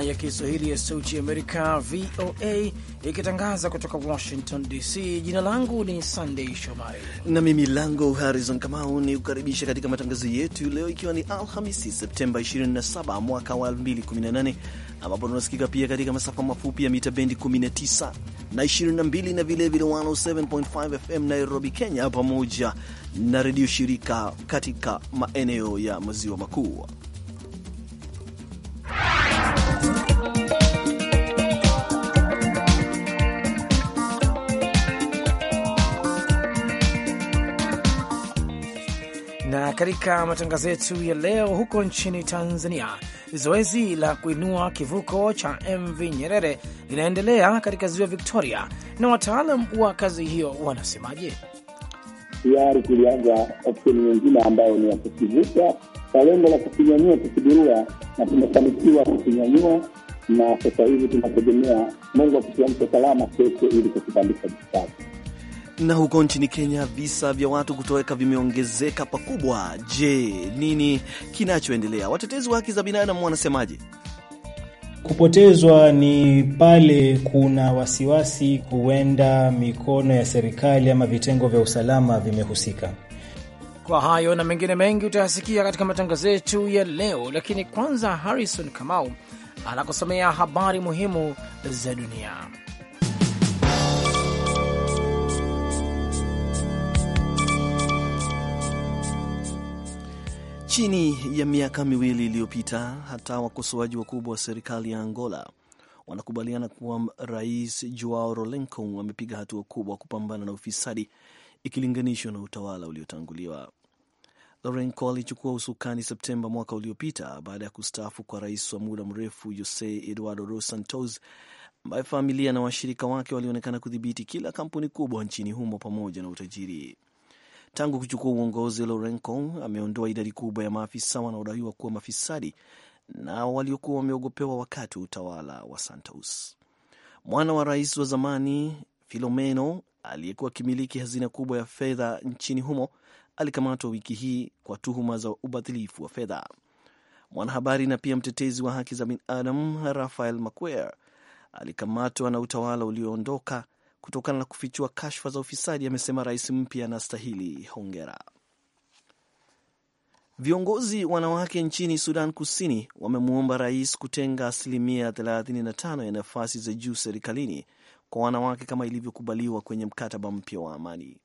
idhaa ya Kiswahili ya Sauti Amerika, VOA, ikitangaza kutoka Washington DC. Jina langu ni Sandey Shomari na mimi lango Harrison Kamau ni kukaribisha katika matangazo yetu leo, ikiwa ni Alhamisi Septemba 27 mwaka wa 2018 ambapo tunasikika pia katika masafa mafupi ya mita bendi 19 na 22 na vilevile 107.5 FM Nairobi, Kenya, pamoja na redio shirika katika maeneo ya maziwa makuu. Na katika matangazo yetu ya leo, huko nchini Tanzania, zoezi la kuinua kivuko cha MV Nyerere linaendelea katika ziwa Victoria, na wataalam wa kazi hiyo wanasemaje? Tayari tulianza opsheni nyingine ambayo ni ya kukivuka kwa lengo la kukinyanyua, kukibiria, na tumefanikiwa kukinyanyua, na sasa hivi tunategemea Mungu akutiamsha salama kesho ili kukipandisha jikazi na huko nchini Kenya visa vya watu kutoweka vimeongezeka pakubwa. Je, nini kinachoendelea? Watetezi wa haki za binadamu wanasemaje? Kupotezwa ni pale kuna wasiwasi, huenda mikono ya serikali ama vitengo vya usalama vimehusika. Kwa hayo na mengine mengi utayasikia katika matangazo yetu ya leo, lakini kwanza Harrison Kamau anakusomea habari muhimu za dunia. Chini ya miaka miwili iliyopita, hata wakosoaji wakubwa wa serikali ya Angola wanakubaliana kuwa Rais Joao Lourenco amepiga hatua kubwa kupambana na ufisadi ikilinganishwa na utawala uliotanguliwa. Lourenco alichukua usukani Septemba mwaka uliopita baada ya kustaafu kwa rais wa muda mrefu Jose Eduardo Dos Santos, ambaye familia na washirika wake walionekana kudhibiti kila kampuni kubwa nchini humo pamoja na utajiri. Tangu kuchukua uongozi, lorenco ameondoa idadi kubwa ya maafisa wanaodaiwa kuwa mafisadi na waliokuwa wameogopewa wakati wa utawala wa Santos. Mwana wa rais wa zamani Filomeno aliyekuwa akimiliki hazina kubwa ya fedha nchini humo alikamatwa wiki hii kwa tuhuma za ubadhilifu wa fedha. Mwanahabari na pia mtetezi wa haki za binadamu Rafael Maquer alikamatwa na utawala ulioondoka kutokana na kufichua kashfa za ufisadi, amesema rais mpya anastahili hongera. Viongozi wanawake nchini Sudan Kusini wamemwomba rais kutenga asilimia 35 ya nafasi za juu serikalini kwa wanawake kama ilivyokubaliwa kwenye mkataba mpya wa amani.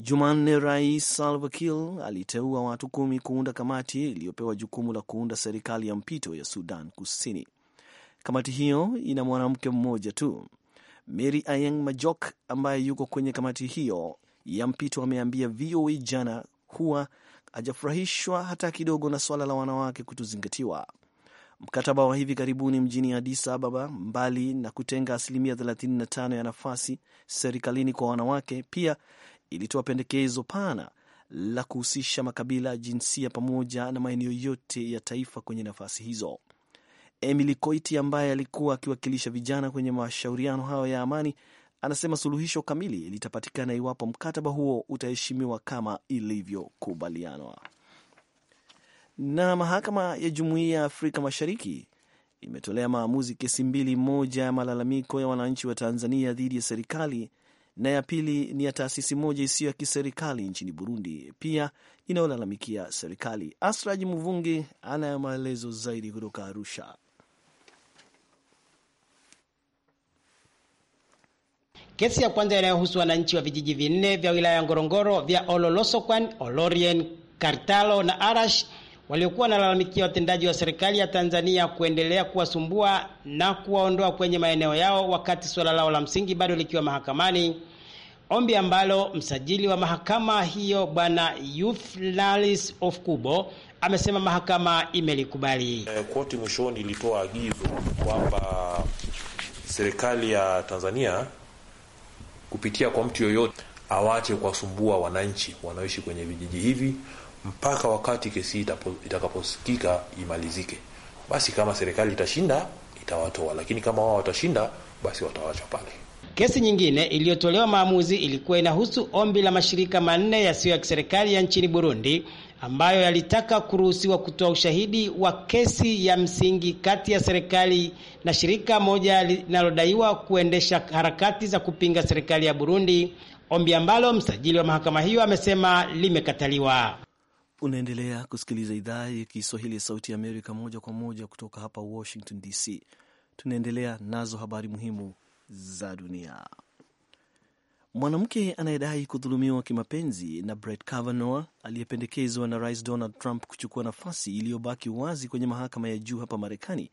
Jumanne, Rais Salva Kiir aliteua watu kumi kuunda kamati iliyopewa jukumu la kuunda serikali ya mpito ya Sudan Kusini. Kamati hiyo ina mwanamke mmoja tu. Mary Ayeng Majok ambaye yuko kwenye kamati hiyo ya mpito ameambia VOA jana kuwa hajafurahishwa hata kidogo na suala la wanawake kutozingatiwa. Mkataba wa hivi karibuni mjini Addis Ababa, mbali na kutenga asilimia 35 ya nafasi serikalini kwa wanawake, pia ilitoa pendekezo pana la kuhusisha makabila, jinsia pamoja na maeneo yote ya taifa kwenye nafasi hizo. Emily Koiti ambaye alikuwa akiwakilisha vijana kwenye mashauriano hayo ya amani anasema suluhisho kamili litapatikana iwapo mkataba huo utaheshimiwa kama ilivyokubalianwa. Na mahakama ya Jumuiya ya Afrika Mashariki imetolea maamuzi kesi mbili, moja ya malalamiko ya wananchi wa Tanzania dhidi ya serikali na ya pili ni ya taasisi moja isiyo ya kiserikali nchini Burundi pia inayolalamikia serikali. Asraj mvungi anayo maelezo zaidi kutoka Arusha. Kesi ya kwanza inayohusu wananchi wa vijiji vinne vya wilaya ya Ngorongoro vya Ololosokwan, Olorien, Kartalo na Arash waliokuwa wanalalamikia watendaji wa serikali ya Tanzania kuendelea kuwasumbua na kuwaondoa kwenye maeneo yao wakati suala lao la msingi bado likiwa mahakamani, ombi ambalo msajili wa mahakama hiyo Bwana Yuflalis Ofkubo amesema mahakama imelikubali. Eh, koti mwishoni ilitoa agizo kwamba serikali ya Tanzania kupitia kwa mtu yoyote, awache kuwasumbua wananchi wanaoishi kwenye vijiji hivi mpaka wakati kesi itakaposikika imalizike. Basi kama serikali itashinda itawatoa, lakini kama wao watashinda, basi watawachwa pale. Kesi nyingine iliyotolewa maamuzi ilikuwa inahusu ombi la mashirika manne yasiyo ya kiserikali ya nchini Burundi ambayo yalitaka kuruhusiwa kutoa ushahidi wa kesi ya msingi kati ya serikali na shirika moja linalodaiwa kuendesha harakati za kupinga serikali ya Burundi, ombi ambalo msajili wa mahakama hiyo amesema limekataliwa. Unaendelea kusikiliza idhaa ya Kiswahili ya Sauti ya Amerika moja kwa moja kutoka hapa Washington DC. Tunaendelea nazo habari muhimu za dunia. Mwanamke anayedai kudhulumiwa kimapenzi na Brett Kavanaugh aliyependekezwa na Rais Donald Trump kuchukua nafasi iliyobaki wazi kwenye mahakama ya juu hapa Marekani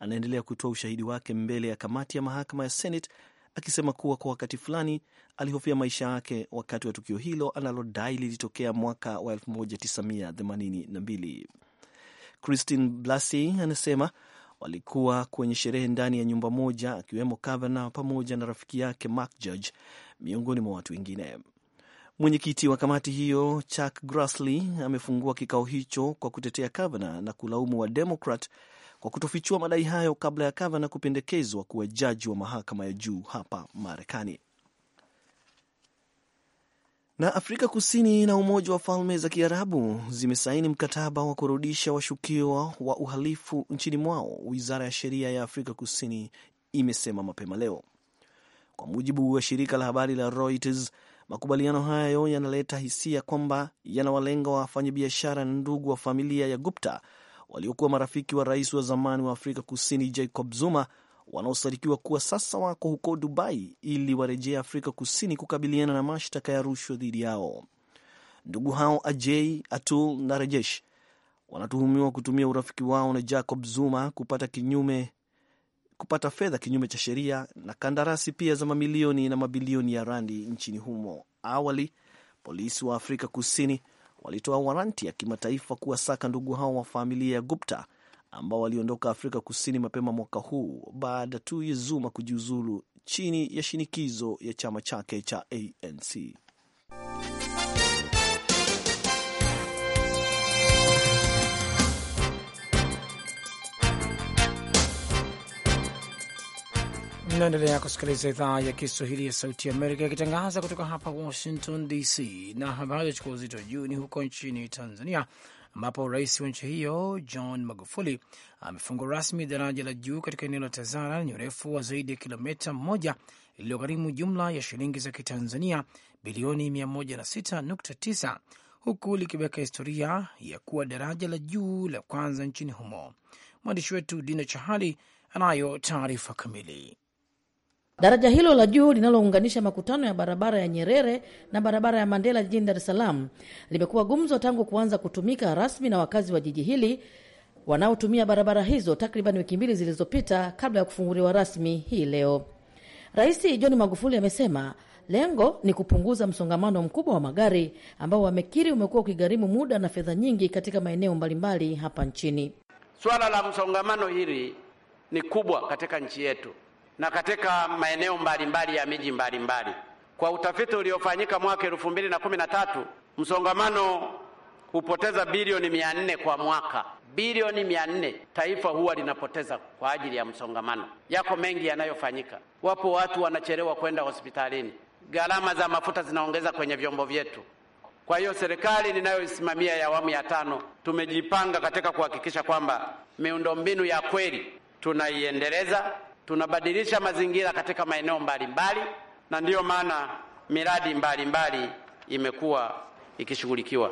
anaendelea kutoa ushahidi wake mbele ya kamati ya mahakama ya Senate akisema kuwa kwa wakati fulani alihofia maisha yake wakati wa tukio hilo analodai lilitokea mwaka wa 1982. Christine Blasey anasema walikuwa kwenye sherehe ndani ya nyumba moja, akiwemo Kavanaugh pamoja na rafiki yake Mark Judge miongoni mwa watu wengine. Mwenyekiti wa kamati hiyo Chuck Grassley amefungua kikao hicho kwa kutetea Kavanaugh na kulaumu wa Democrat kwa kutofichua madai hayo kabla ya Kavanaugh kupendekezwa kuwa jaji wa mahakama ya juu hapa Marekani. Na Afrika Kusini na Umoja wa Falme za Kiarabu zimesaini mkataba wa kurudisha washukiwa wa uhalifu nchini mwao, wizara ya sheria ya Afrika Kusini imesema mapema leo. Kwa mujibu wa shirika la habari la Reuters, makubaliano hayo yanaleta hisia kwamba yanawalenga wafanyabiashara na ndugu wa familia ya Gupta waliokuwa marafiki wa rais wa zamani wa Afrika Kusini Jacob Zuma wanaosadikiwa kuwa sasa wako huko Dubai ili warejea Afrika Kusini kukabiliana na mashtaka ya rushwa dhidi yao. Ndugu hao Ajay, Atul na Rajesh wanatuhumiwa kutumia urafiki wao na Jacob Zuma kupata kinyume kupata fedha kinyume cha sheria na kandarasi pia za mamilioni na mabilioni ya randi nchini humo. Awali polisi wa Afrika Kusini walitoa waranti ya kimataifa kuwasaka ndugu hao wa familia ya Gupta ambao waliondoka Afrika Kusini mapema mwaka huu baada tu ya Zuma kujiuzulu chini ya shinikizo ya chama chake cha ANC. Mnaendelea kusikiliza idhaa ya Kiswahili ya Sauti Amerika ikitangaza kutoka hapa Washington DC, na habari ya chukua uzito juu ni huko nchini Tanzania, ambapo rais wa nchi hiyo John Magufuli amefungua rasmi daraja la juu katika eneo la Tazara lenye urefu wa zaidi ya kilomita moja lililogharimu jumla ya shilingi za Kitanzania bilioni 106.9 huku likiweka historia ya kuwa daraja la juu la kwanza nchini humo. Mwandishi wetu Dina Chahali anayo taarifa kamili. Daraja hilo la juu linalounganisha makutano ya barabara ya Nyerere na barabara ya Mandela jijini Dar es Salaam limekuwa gumzo tangu kuanza kutumika rasmi na wakazi wa jiji hili wanaotumia barabara hizo takriban wiki mbili zilizopita kabla ya kufunguliwa rasmi hii leo. Rais John Magufuli amesema lengo ni kupunguza msongamano mkubwa wa magari ambao wamekiri umekuwa ukigharimu muda na fedha nyingi katika maeneo mbalimbali hapa nchini. Swala la msongamano hili ni kubwa katika nchi yetu na katika maeneo mbalimbali ya miji mbalimbali. Kwa utafiti uliofanyika mwaka elfu mbili na kumi na tatu, msongamano hupoteza bilioni mia nne kwa mwaka. Bilioni mia nne taifa huwa linapoteza kwa ajili ya msongamano. Yako mengi yanayofanyika, wapo watu wanachelewa kwenda hospitalini, gharama za mafuta zinaongeza kwenye vyombo vyetu. Kwa hiyo serikali ninayoisimamia ya awamu ya tano tumejipanga katika kuhakikisha kwamba miundombinu ya kweli tunaiendeleza tunabadilisha mazingira katika maeneo mbalimbali, na ndiyo maana miradi mbalimbali imekuwa ikishughulikiwa.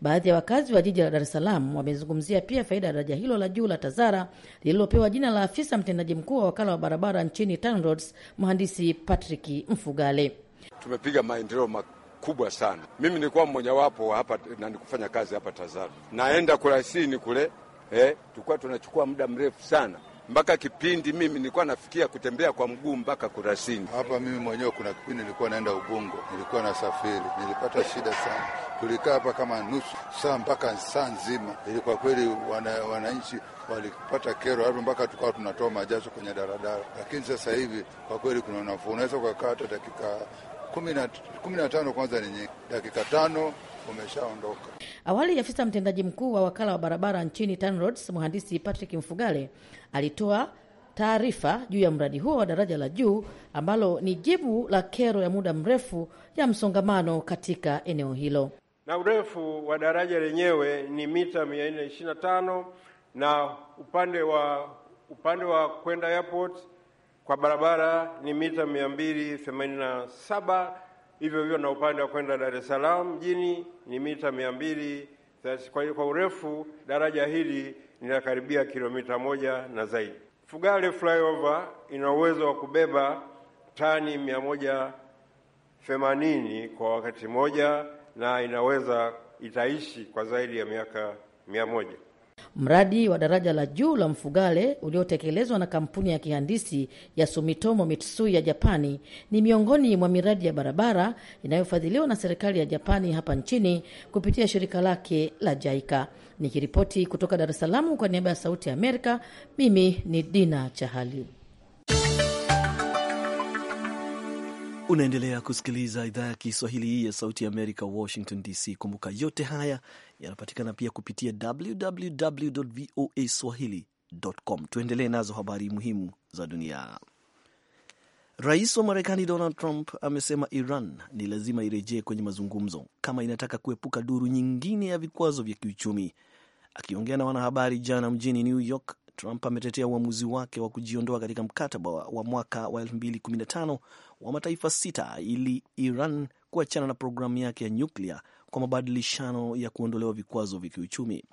Baadhi ya wakazi wa jiji la Dar es Salaam wamezungumzia pia faida ya daraja hilo la juu la TAZARA lililopewa jina la afisa mtendaji mkuu wa wakala wa barabara nchini TANROADS, mhandisi Patrick Mfugale. Tumepiga maendeleo makubwa sana. Mimi nilikuwa mmojawapo hapa na nikufanya kazi hapa TAZARA, naenda kurahisini kule eh, tulikuwa tunachukua muda mrefu sana mpaka kipindi mimi nilikuwa nafikia kutembea kwa mguu mpaka Kurasini. Hapa mimi mwenyewe kuna kipindi nilikuwa naenda Ubungo, nilikuwa nasafiri, nilipata shida sana. Tulikaa hapa kama nusu saa mpaka saa nzima, ili kwa kweli wananchi walipata kero hapo, mpaka tukawa tunatoa majazo kwenye daradara. Lakini sasa hivi kwa kweli kuna nafuu, unaweza ukakaa hata dakika kumi na tano kwanza ni nyingi, dakika tano umeshaondoka. Awali afisa mtendaji mkuu wa wakala wa barabara nchini TANROADS mhandisi Patrick Mfugale alitoa taarifa juu ya mradi huo wa daraja la juu ambalo ni jibu la kero ya muda mrefu ya msongamano katika eneo hilo, na urefu wa daraja lenyewe ni mita 425 na upande wa upande wa kwenda airport kwa barabara ni mita 287 hivyo hivyo na upande wa kwenda Dar es Salaam mjini ni mita mia mbili. Kwa kwa urefu daraja hili linakaribia kilomita moja na zaidi. Fugale flyover ina uwezo wa kubeba tani mia moja themanini kwa wakati mmoja na inaweza itaishi kwa zaidi ya miaka mia moja. Mradi wa daraja la juu la Mfugale uliotekelezwa na kampuni ya kihandisi ya Sumitomo Mitsui ya Japani ni miongoni mwa miradi ya barabara inayofadhiliwa na serikali ya Japani hapa nchini kupitia shirika lake la JAIKA. Nikiripoti kutoka Dar es Salaam kwa niaba ya Sauti ya Amerika, mimi ni Dina Chahali. Unaendelea kusikiliza idhaa ya Kiswahili ya Sauti ya Amerika, Washington DC. Kumbuka yote haya yanapatikana pia kupitia www voa swahili.com. Tuendelee nazo habari muhimu za dunia. Rais wa Marekani Donald Trump amesema Iran ni lazima irejee kwenye mazungumzo kama inataka kuepuka duru nyingine ya vikwazo vya kiuchumi. Akiongea na wanahabari jana mjini New York, Trump ametetea uamuzi wake wa kujiondoa katika mkataba wa mwaka wa 2015 wa mataifa sita ili Iran kuachana na programu yake ya nyuklia kwa mabadilishano ya kuondolewa vikwazo vya kiuchumi.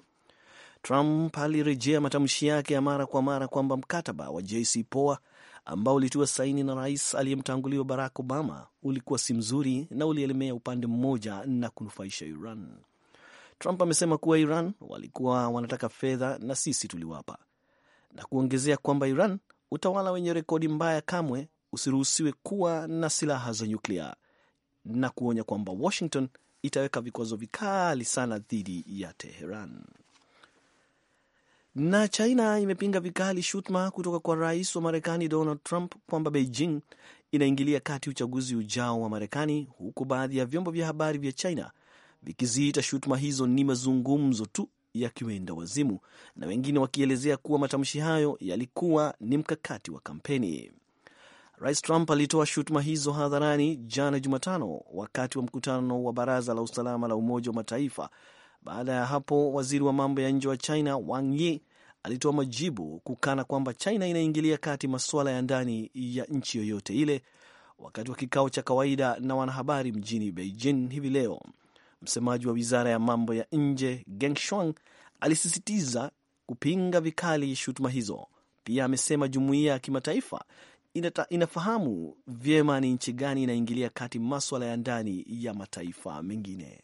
Trump alirejea matamshi yake ya mara kwa mara kwamba mkataba wa JCPOA ambao ulitiwa saini na rais aliyemtanguliwa Barack Obama ulikuwa si mzuri na ulielemea upande mmoja na kunufaisha Iran. Trump amesema kuwa Iran walikuwa wanataka fedha na sisi tuliwapa na kuongezea kwamba Iran, utawala wenye rekodi mbaya, kamwe usiruhusiwe kuwa na silaha za nyuklia na kuonya kwamba Washington itaweka vikwazo vikali sana dhidi ya Teheran. Na China imepinga vikali shutuma kutoka kwa rais wa Marekani Donald Trump kwamba Beijing inaingilia kati uchaguzi ujao wa Marekani, huku baadhi ya vyombo vya habari vya China vikiziita shutuma hizo ni mazungumzo tu yakiwenda wazimu na wengine wakielezea kuwa matamshi hayo yalikuwa ni mkakati wa kampeni. Rais Trump alitoa shutuma hizo hadharani jana Jumatano wakati wa mkutano wa Baraza la Usalama la Umoja wa Mataifa. Baada ya hapo, waziri wa mambo ya nje wa China Wang Yi alitoa majibu kukana kwamba China inaingilia kati masuala ya ndani ya nchi yoyote ile, wakati wa kikao cha kawaida na wanahabari mjini Beijing hivi leo. Msemaji wa wizara ya mambo ya nje Geng Shuang alisisitiza kupinga vikali shutuma hizo. Pia amesema jumuiya ya kimataifa inata, inafahamu vyema ni nchi gani inaingilia kati maswala ya ndani ya mataifa mengine.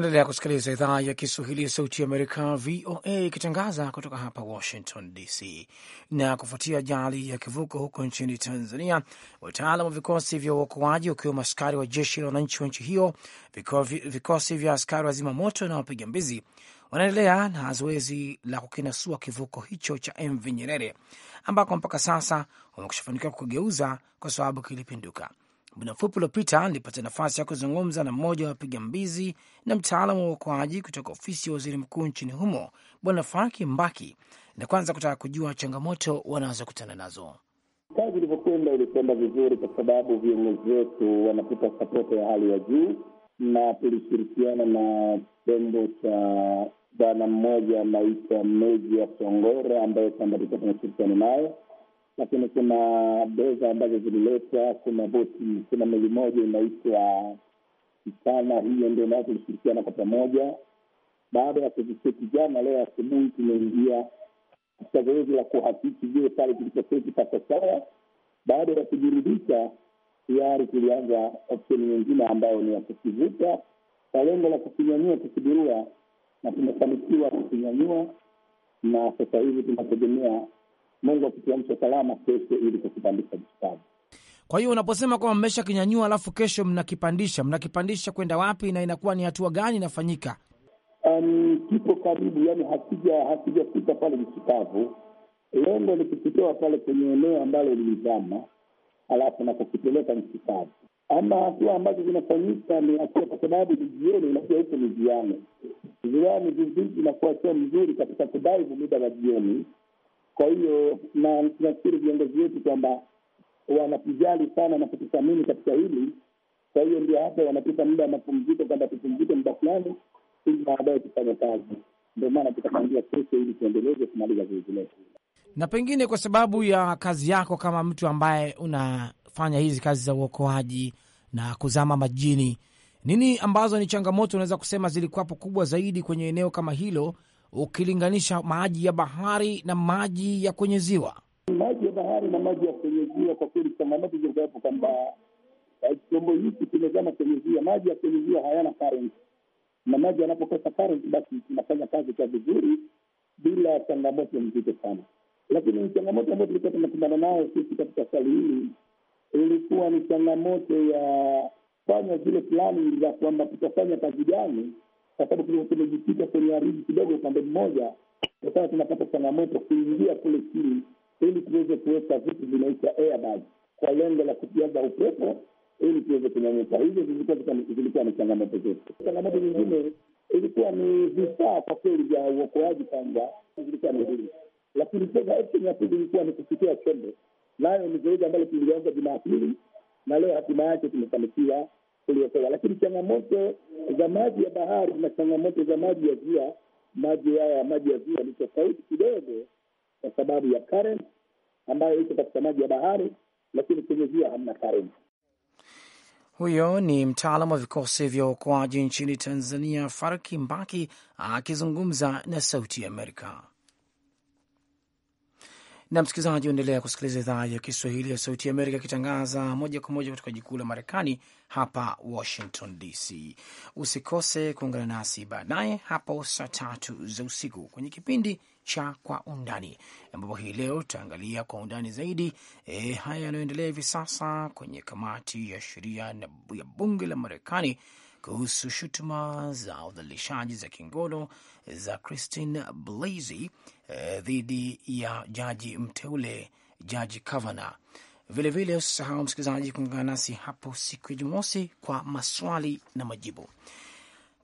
Unaendelea kusikiliza idhaa ya Kiswahili ya Sauti ya Amerika, VOA, ikitangaza kutoka hapa Washington DC. Na kufuatia ajali ya kivuko huko nchini Tanzania, wataalam wa vikosi vya uokoaji wakiwemo askari wa jeshi la wananchi wa nchi hiyo, vikosi vya askari wa moto na wapiga mbizi wanaendelea na zoezi la kukinasua kivuko hicho cha MV Nyerere ambako mpaka sasa wamekushafanikiwa fanikiwa kukigeuza kwa sababu kilipinduka. Muda mfupi uliopita nilipata nafasi ya kuzungumza na mmoja wa wapiga mbizi na mtaalamu wa uokoaji kutoka ofisi ya waziri mkuu nchini humo, Bwana Faki Mbaki, na kwanza kutaka kujua changamoto wanazokutana nazo. Kazi ilivyokwenda ilikwenda vizuri, kwa sababu viongozi wetu wanatupa sapoto ya hali ya juu, na tulishirikiana na chombo cha bwana mmoja anaitwa ya Songora ambaye kwamba tulikuwa tunashirikiana nayo lakini kuna beza ambazo zililetwa. Kuna boti, kuna meli moja inaitwa Kitana, hiyo ndio nao tulishirikiana kwa pamoja. Baada ya kuziketi jana, leo asubuhi tumeingia katika zoezi la kuhakiki, je, pale tulipoketi pasa sawa? Baada ya kujiridhisha, tayari tulianza opsheni nyingine ambayo ni ya kukivuta kwa lengo la kukinyanyua kukibirua, na tumefanikiwa kukinyanyua, na sasa hivi tunategemea Mungu akituamsha salama kesho ili kukipandisha bustani. Kwa hiyo unaposema kwamba mmesha kinyanyua alafu kesho mnakipandisha, mnakipandisha kwenda wapi na inakuwa ni hatua gani inafanyika? Um, kipo karibu, yani hasija hasijafika pale nchi Lengo ni kukitoa pale kwenye eneo ambalo lilizama, alafu na kukipeleka nchi Ama hatua ambazo zinafanyika ni hatua, kwa sababu ni jioni. Unajua huko ni ziani, ziani vizuri inakuwa sio mzuri katika kudaivu muda wa jioni kwa hiyo na tunafikiri viongozi wetu kwamba wanatujali sana na kututhamini katika hili. Kwa hiyo ndio hapa wanatupa muda wa mapumziko kwamba tupumzike muda fulani, ili baadaye tufanye kazi. Ndio maana tukapangia kesho ili tuendeleze kumaliza zoezi letu. Na pengine kwa sababu ya kazi yako kama mtu ambaye unafanya hizi kazi za uokoaji na kuzama majini, nini ambazo ni changamoto unaweza kusema zilikuwapo kubwa zaidi kwenye eneo kama hilo ukilinganisha maji ya bahari na maji ya kwenye ziwa? Maji ya bahari na maji ya kwenye ziwa, kwa kweli changamoto zilikuwepo kwamba eh, chombo hiki kimezama kwenye ziwa. Maji ya kwenye ziwa hayana current, na maji yanapokosa current, basi tunafanya kazi kwa vizuri bila changamoto mzito sana. Lakini changamoto ambayo tulikuwa tunakumbana nayo sisi katika swali hili ilikuwa ni changamoto ya fanya zile plani za kwamba tutafanya kazi gani kwa sababu tumejipita kwenye haribu kidogo upande mmoja, ndio tunapata changamoto kuingia kule chini, ili tuweze kuweka vitu vinaitwa airbag kwa lengo la kujaza upepo ili tuweze kunyanyuka. Hizo zilikuwa ni changamoto zetu. Changamoto nyingine ilikuwa ni vifaa kwa kweli vya uokoaji, kwanza zilikuwa ni hili, lakini sasa option ya pili ilikuwa ni kufikia chombo, nayo ni zoezi ambalo tulianza Jumapili na leo hatima yake tumefanikiwa uliotoa. Lakini changamoto za maji ya bahari na changamoto za maji ya ziwa, maji haya maji ya ziwa ni tofauti kidogo, kwa sababu ya current ambayo iko katika maji ya bahari, lakini kwenye ziwa hamna current. Huyo ni mtaalamu wa vikosi vya uokoaji nchini Tanzania, Farki Mbaki akizungumza na Sauti ya Amerika na msikilizaji, uendelea kusikiliza idhaa ya Kiswahili ya Sauti ya Amerika ikitangaza moja kwa moja kutoka jikuu la Marekani, hapa Washington DC. Usikose kuungana nasi baadaye hapo saa tatu za usiku kwenye kipindi cha Kwa Undani, ambapo hii leo tutaangalia kwa undani zaidi e, haya yanayoendelea hivi sasa kwenye kamati ya sheria ya bunge la Marekani kuhusu shutuma za udhalilishaji za kingono za Christine Blasey eh, dhidi ya jaji mteule jaji Kavana. Vilevile usisahau msikilizaji kuungana nasi hapo siku ya Jumamosi kwa maswali na majibu.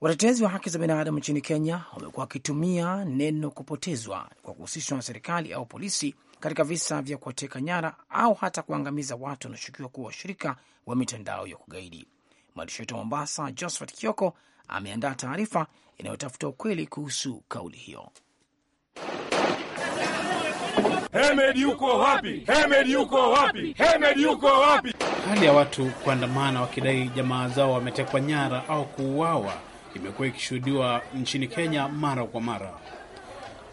Watetezi wa haki za binadamu nchini Kenya wamekuwa wakitumia neno kupotezwa kwa kuhusishwa na serikali au polisi katika visa vya kuwateka nyara au hata kuangamiza watu wanaoshukiwa kuwa washirika wa mitandao ya kugaidi. Mwandishi wetu wa Mombasa, Josephat Kioko, ameandaa taarifa inayotafuta ukweli kuhusu kauli hiyo. Hemed yuko wapi? Hemed yuko wapi? Hemed yuko wapi? Hali ya watu kuandamana wakidai jamaa zao wametekwa nyara au kuuawa imekuwa ikishuhudiwa nchini Kenya mara kwa mara.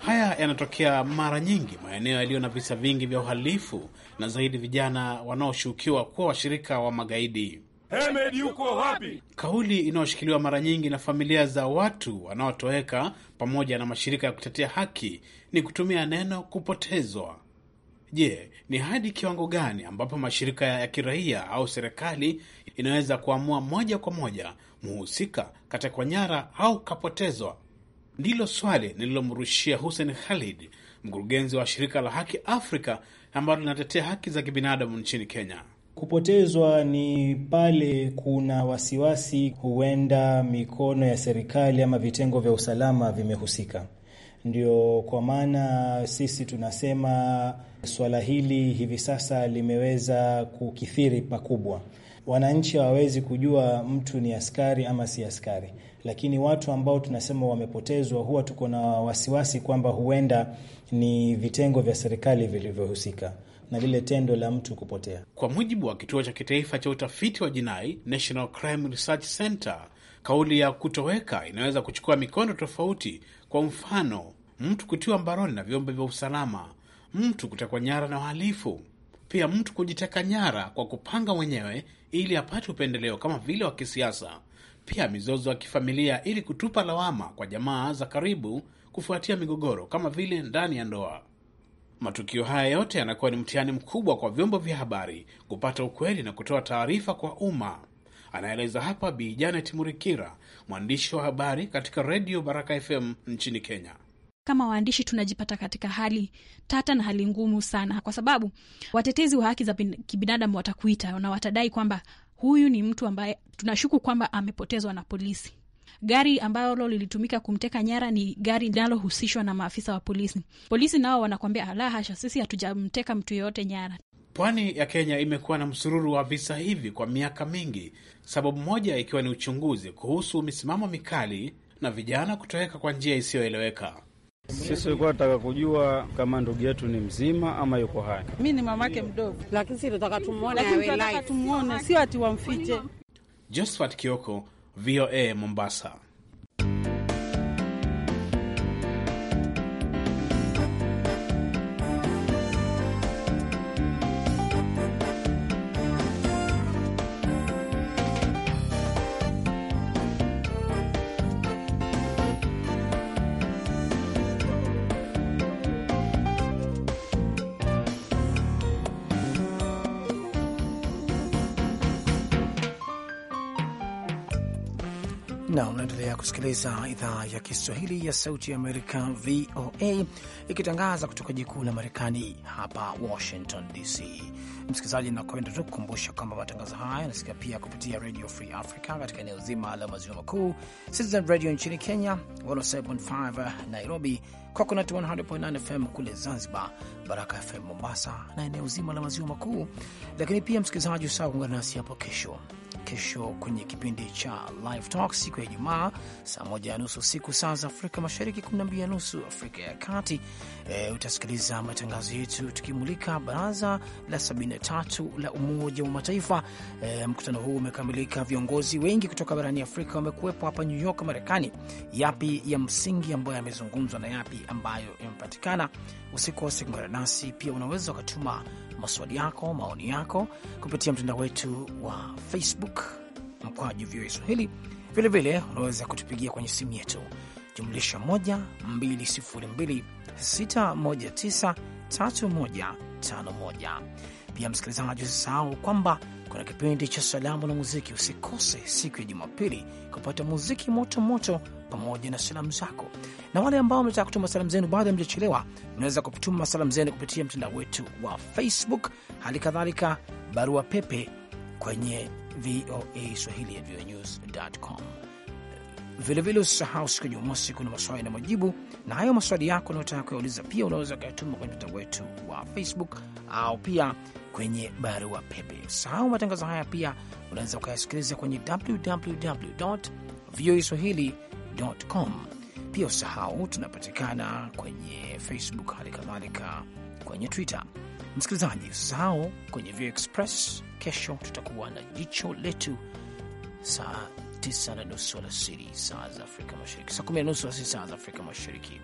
Haya yanatokea mara nyingi maeneo yaliyo na visa vingi vya uhalifu na zaidi vijana wanaoshukiwa kuwa washirika wa magaidi. Hemed yuko wapi? Kauli inayoshikiliwa mara nyingi na familia za watu wanaotoweka pamoja na mashirika ya kutetea haki ni kutumia neno kupotezwa. Je, ni hadi kiwango gani ambapo mashirika ya kiraia au serikali inaweza kuamua moja kwa moja mhusika katekwa nyara au kapotezwa? Ndilo swali lililomrushia Hussein Khalid, mkurugenzi wa shirika la Haki Afrika ambalo linatetea haki za kibinadamu nchini Kenya. Kupotezwa ni pale kuna wasiwasi huenda mikono ya serikali ama vitengo vya usalama vimehusika. Ndio kwa maana sisi tunasema swala hili hivi sasa limeweza kukithiri pakubwa. Wananchi hawawezi kujua mtu ni askari ama si askari, lakini watu ambao tunasema wamepotezwa, huwa tuko na wasiwasi kwamba huenda ni vitengo vya serikali vilivyohusika na lile tendo la mtu kupotea. Kwa mujibu wa kituo cha kitaifa cha utafiti wa jinai, National Crime Research Center, kauli ya kutoweka inaweza kuchukua mikondo tofauti. Kwa mfano, mtu kutiwa mbaroni na vyombo vya usalama, mtu kutekwa nyara na wahalifu, pia mtu kujiteka nyara kwa kupanga mwenyewe ili apate upendeleo kama vile wa kisiasa, pia mizozo ya kifamilia ili kutupa lawama kwa jamaa za karibu kufuatia migogoro kama vile ndani ya ndoa. Matukio haya yote yanakuwa ni mtihani mkubwa kwa vyombo vya habari kupata ukweli na kutoa taarifa kwa umma. Anaeleza hapa Bi Janet Murikira, mwandishi wa habari katika redio Baraka FM nchini Kenya. Kama waandishi tunajipata katika hali tata na hali ngumu sana, kwa sababu watetezi wa haki za kibinadamu watakuita na watadai kwamba huyu ni mtu ambaye tunashuku kwamba amepotezwa na polisi. Gari ambalo lilitumika kumteka nyara ni gari linalohusishwa na maafisa wa polisi. Polisi nao wanakwambia la hasha, sisi hatujamteka mtu yeyote nyara. Pwani ya Kenya imekuwa na msururu wa visa hivi kwa miaka mingi, sababu moja ikiwa ni uchunguzi kuhusu misimamo mikali na vijana kutoweka kwa njia isiyoeleweka. Sisi ulikuwa tunataka kujua kama ndugu yetu ni mzima ama yuko hai. Mi ni mamake mdogo, lakini si tunataka sio ati wamfiche. Josephat Kioko VOA Mombasa. na unaendelea kusikiliza idhaa ya Kiswahili ya Sauti ya Amerika, VOA, ikitangaza kutoka jikuu la Marekani, hapa Washington DC. Msikilizaji, nakwenda tu kukumbusha kwamba matangazo haya yanasikia pia kupitia Radio Free Africa katika eneo zima la maziwa makuu, Citizen Radio nchini Kenya 107.5 Nairobi, Coconut 100.9 FM kule Zanzibar, Baraka FM Mombasa na eneo zima la maziwa makuu. Lakini pia msikilizaji, usaa kuungana nasi hapo kesho kesho kwenye kipindi cha Live Talk siku ya Ijumaa saa moja na nusu usiku saa za Afrika Mashariki, kumi na mbili na nusu Afrika ya Kati. E, utasikiliza matangazo yetu tukimulika baraza la 73 la Umoja wa Mataifa. E, mkutano huu umekamilika, viongozi wengi kutoka barani Afrika wamekuwepo hapa New York, Marekani. Yapi ya msingi ambayo yamezungumzwa na yapi ambayo yamepatikana? Usikose kuungana nasi, pia unaweza ukatuma maswali yako, maoni yako kupitia mtandao wetu wa Facebook mkwaju VOA Swahili. Vilevile unaweza kutupigia kwenye simu yetu jumlisha 1 Pia msikilizaji, usisahau kwamba kuna kipindi cha salamu na muziki. Usikose siku ya Jumapili kupata muziki moto moto pamoja na salamu zako na wale ambao mnataka kutuma salamu zenu bado hamjachelewa, mnaweza kutuma salamu zenu kupitia mtandao wetu wa Facebook, hali kadhalika barua pepe kwenye VOA Swahili ya voanews.com. Vilevile usisahau siku ya Jumamosi kuna maswali na majibu, na hayo maswali yako unayotaka kuyauliza pia unaweza ukayatuma kwenye mtandao wetu wa Facebook au pia kwenye barua pepe. sahau matangazo haya pia unaweza ukayasikiliza kwenye www voa swahili.com pia usahau tunapatikana kwenye Facebook, hali kadhalika kwenye Twitter. Msikilizaji, usahau kwenye Vio Express. Kesho tutakuwa na jicho letu saa tisa na nusu alasiri saa za Afrika Mashariki, saa kumi na nusu alasiri saa za Afrika Mashariki.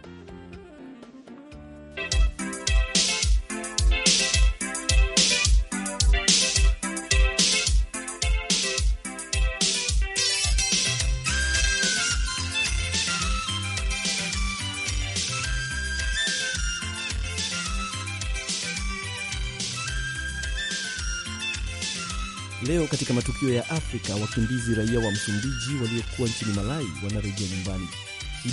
leo katika matukio ya Afrika, wakimbizi raia wa Msumbiji waliokuwa nchini Malawi wanarejea nyumbani.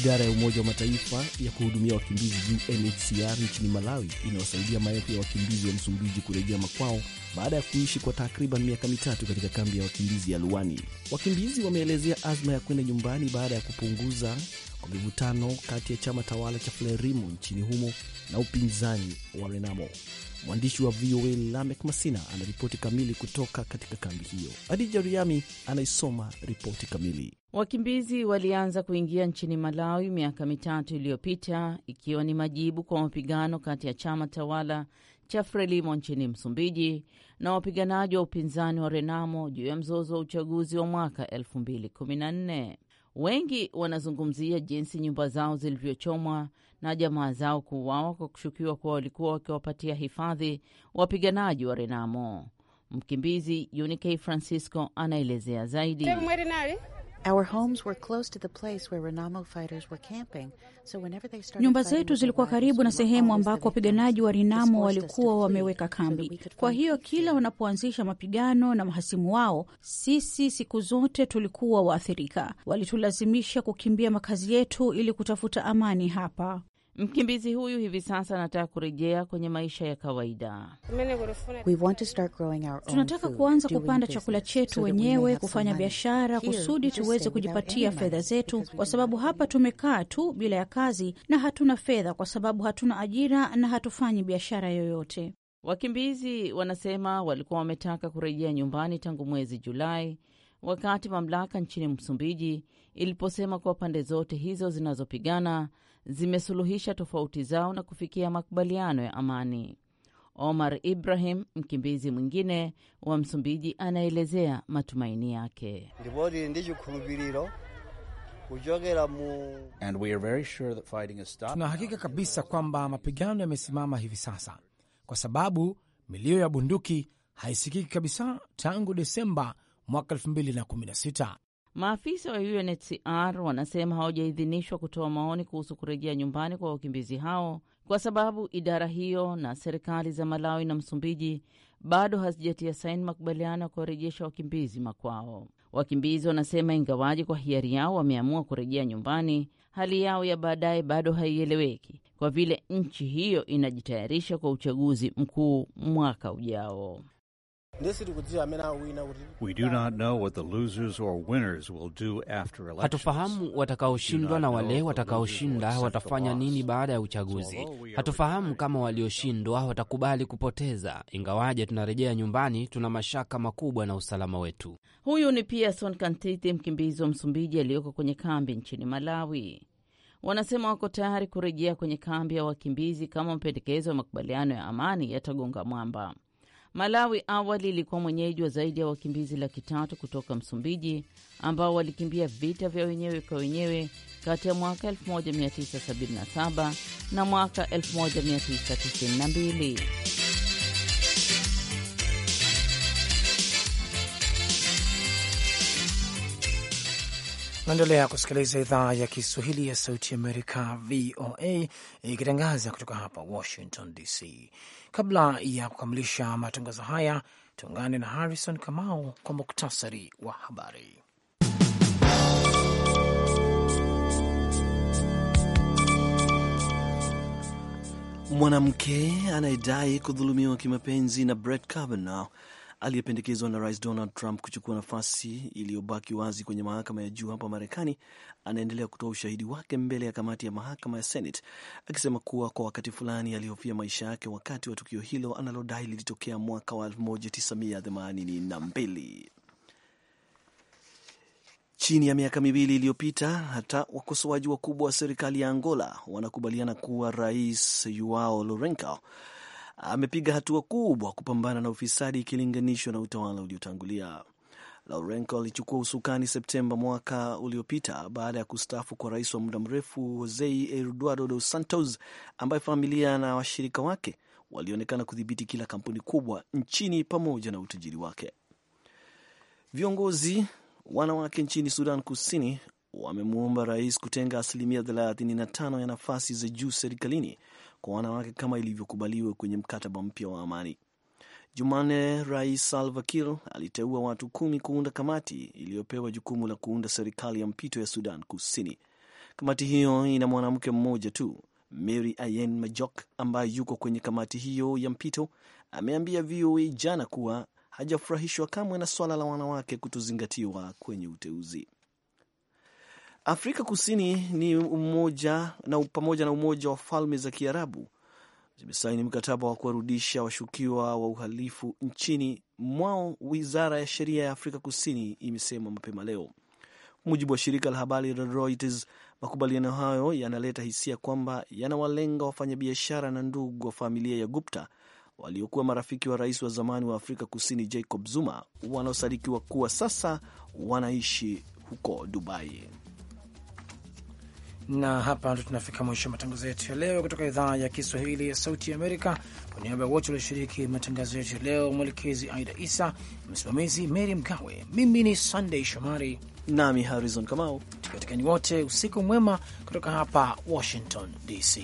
Idara ya Umoja wa Mataifa ya kuhudumia wakimbizi UNHCR nchini Malawi inawasaidia maelfu ya wakimbizi wa Msumbiji kurejea makwao baada ya kuishi kwa takriban miaka mitatu katika kambi ya wakimbizi ya luani Wakimbizi wameelezea azma ya kwenda nyumbani baada ya kupunguza kwa mivutano kati ya chama tawala cha Frelimo nchini humo na upinzani wa Renamo. Mwandishi wa VOA Lamek Masina anaripoti kamili kutoka katika kambi hiyo. Adija Riami anaisoma ripoti kamili. Wakimbizi walianza kuingia nchini Malawi miaka mitatu iliyopita, ikiwa ni majibu kwa mapigano kati ya chama tawala cha Frelimo nchini Msumbiji na wapiganaji wa upinzani wa Renamo juu ya mzozo wa uchaguzi wa mwaka 2014. Wengi wanazungumzia jinsi nyumba zao zilivyochomwa na jamaa zao kuuawa kwa kushukiwa kuwa walikuwa wakiwapatia hifadhi wapiganaji wa Renamo. Mkimbizi unik Francisco anaelezea zaidi. Nyumba zetu zilikuwa karibu na sehemu ambako wapiganaji wa Renamo walikuwa wameweka kambi. Kwa hiyo kila wanapoanzisha mapigano na mahasimu wao, sisi siku zote tulikuwa waathirika. Walitulazimisha kukimbia makazi yetu ili kutafuta amani hapa. Mkimbizi huyu hivi sasa anataka kurejea kwenye maisha ya kawaida. Tunataka kuanza kupanda chakula chetu wenyewe, kufanya biashara kusudi tuweze kujipatia fedha zetu, kwa sababu hapa tumekaa tu bila ya kazi na hatuna fedha, kwa sababu hatuna ajira na hatufanyi biashara yoyote. Wakimbizi wanasema walikuwa wametaka kurejea nyumbani tangu mwezi Julai wakati mamlaka nchini Msumbiji iliposema kuwa pande zote hizo zinazopigana zimesuluhisha tofauti zao na kufikia makubaliano ya amani. Omar Ibrahim, mkimbizi mwingine wa Msumbiji, anaelezea matumaini yake. Tunahakika kabisa kwamba mapigano yamesimama hivi sasa, kwa sababu milio ya bunduki haisikiki kabisa tangu Desemba mwaka 2016. Maafisa wa UNHCR wanasema hawajaidhinishwa kutoa maoni kuhusu kurejea nyumbani kwa wakimbizi hao kwa sababu idara hiyo na serikali za Malawi na Msumbiji bado hazijatia saini makubaliano ya kuwarejesha wakimbizi makwao. Wakimbizi wanasema ingawaji kwa hiari yao wameamua kurejea nyumbani, hali yao ya baadaye bado haieleweki kwa vile nchi hiyo inajitayarisha kwa uchaguzi mkuu mwaka ujao. We do not know what the losers or winners will do after elections. Hatufahamu watakaoshindwa na wale watakaoshinda watafanya nini baada ya uchaguzi. Hatufahamu kama walioshindwa watakubali kupoteza. Ingawaje tunarejea nyumbani, tuna mashaka makubwa na usalama wetu. Huyu ni Pearson Kantiti, mkimbizi wa Msumbiji aliyoko kwenye kambi nchini Malawi. Wanasema wako tayari kurejea kwenye kambi ya wakimbizi kama mapendekezo ya makubaliano ya amani yatagonga mwamba. Malawi awali ilikuwa mwenyeji wa zaidi ya wakimbizi laki tatu kutoka Msumbiji ambao walikimbia vita vya wenyewe kwa wenyewe kati ya mwaka 1977 na mwaka 1992. Naendelea kusikiliza idhaa ya Kiswahili ya Sauti Amerika, VOA, ikitangaza kutoka hapa Washington DC. Kabla ya kukamilisha matangazo haya, tuungane na Harrison Kamau kwa muktasari wa habari. Mwanamke anayedai kudhulumiwa kimapenzi na Brett Kavanaugh aliyependekezwa na Rais Donald Trump kuchukua nafasi iliyobaki wazi kwenye mahakama ya juu hapa Marekani, anaendelea kutoa ushahidi wake mbele ya kamati ya mahakama ya Senate, akisema kuwa kwa wakati fulani alihofia maisha yake wakati wa tukio hilo analodai lilitokea mwaka wa 1982. Chini ya miaka miwili iliyopita, hata wakosoaji wakubwa wa serikali ya Angola wanakubaliana kuwa Rais Joao Lourenco amepiga hatua kubwa kupambana na ufisadi ikilinganishwa na utawala uliotangulia. Lourenco alichukua usukani Septemba mwaka uliopita baada ya kustaafu kwa rais wa muda mrefu Jose Eduardo Dos Santos, ambaye familia na washirika wake walionekana kudhibiti kila kampuni kubwa nchini pamoja na utajiri wake. Viongozi wanawake nchini Sudan Kusini wamemwomba rais kutenga asilimia 35 ya nafasi za juu serikalini kwa wanawake kama ilivyokubaliwa kwenye mkataba mpya wa amani. Jumanne, Rais Salva Kiir aliteua watu kumi kuunda kamati iliyopewa jukumu la kuunda serikali ya mpito ya Sudan Kusini. Kamati hiyo ina mwanamke mmoja tu, Mary Ayen Majok, ambaye yuko kwenye kamati hiyo ya mpito. Ameambia VOA jana kuwa hajafurahishwa kamwe na swala la wanawake kutozingatiwa kwenye uteuzi. Afrika Kusini ni umoja, na pamoja na Umoja wa Falme za Kiarabu zimesaini mkataba wa kuwarudisha washukiwa wa uhalifu nchini mwao, wizara ya sheria ya Afrika Kusini imesema mapema leo, mujibu wa shirika la habari la Reuters. Makubaliano hayo yanaleta hisia kwamba yanawalenga wafanyabiashara na ndugu wa familia ya Gupta waliokuwa marafiki wa rais wa zamani wa Afrika Kusini Jacob Zuma, wanaosadikiwa kuwa sasa wanaishi huko Dubai na hapa ndo tunafika mwisho matangazo yetu ya leo kutoka idhaa ya Kiswahili ya Sauti Amerika. Kwa niaba ya wote walioshiriki matangazo yetu ya leo, mwelekezi Aida Isa, msimamizi Mary Mgawe, mimi ni Sunday Shomari nami Harrison Kamau, tukiwatikani wote usiku mwema kutoka hapa Washington DC.